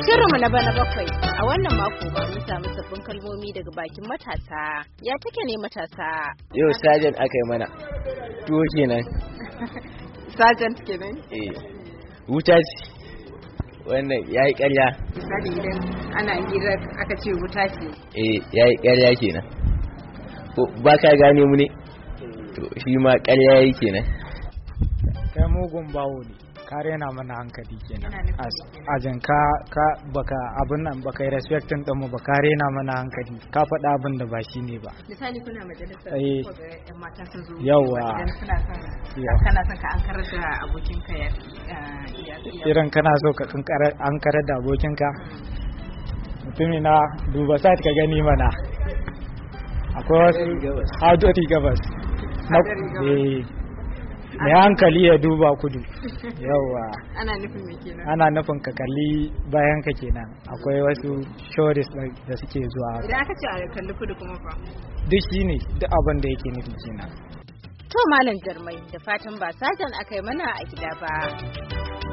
shirinmu na bana bakwai a wannan mako ba mun samu sabbin kalmomi daga bakin matasa ya take ne matasa yau sajan aka yi mana tuwo kenan sajan kenan eh wuta ce wannan ya yi karya misali idan ana hira aka ce wuta ce eh ya yi karya kenan ba ka gane mu ne to shi ma karya ya yi kenan kai mugun bawo ne kare na mana hankali kenan a jan ka ka baka abin nan baka respectin din mu baka na mana hankali ka faɗa abin da ba shi ne ba misali kuna majalisar eh mata sun zo yawa kana son ka an da abokin ka ya irin kana so ka an da abokin ka mutumina duba sai ka gani mana akwai wasu hajjoti gabas mai hankali ya duba kudu yawa ana nufin me kenan ana nufin ka kalli bayan ka kenan akwai wasu shores da suke zuwa idan aka ce a kalli kudu kuma fa duk shine duk abin da yake nufi kenan to malam jarmai da fatan ba sajan aka yi mana a gida ba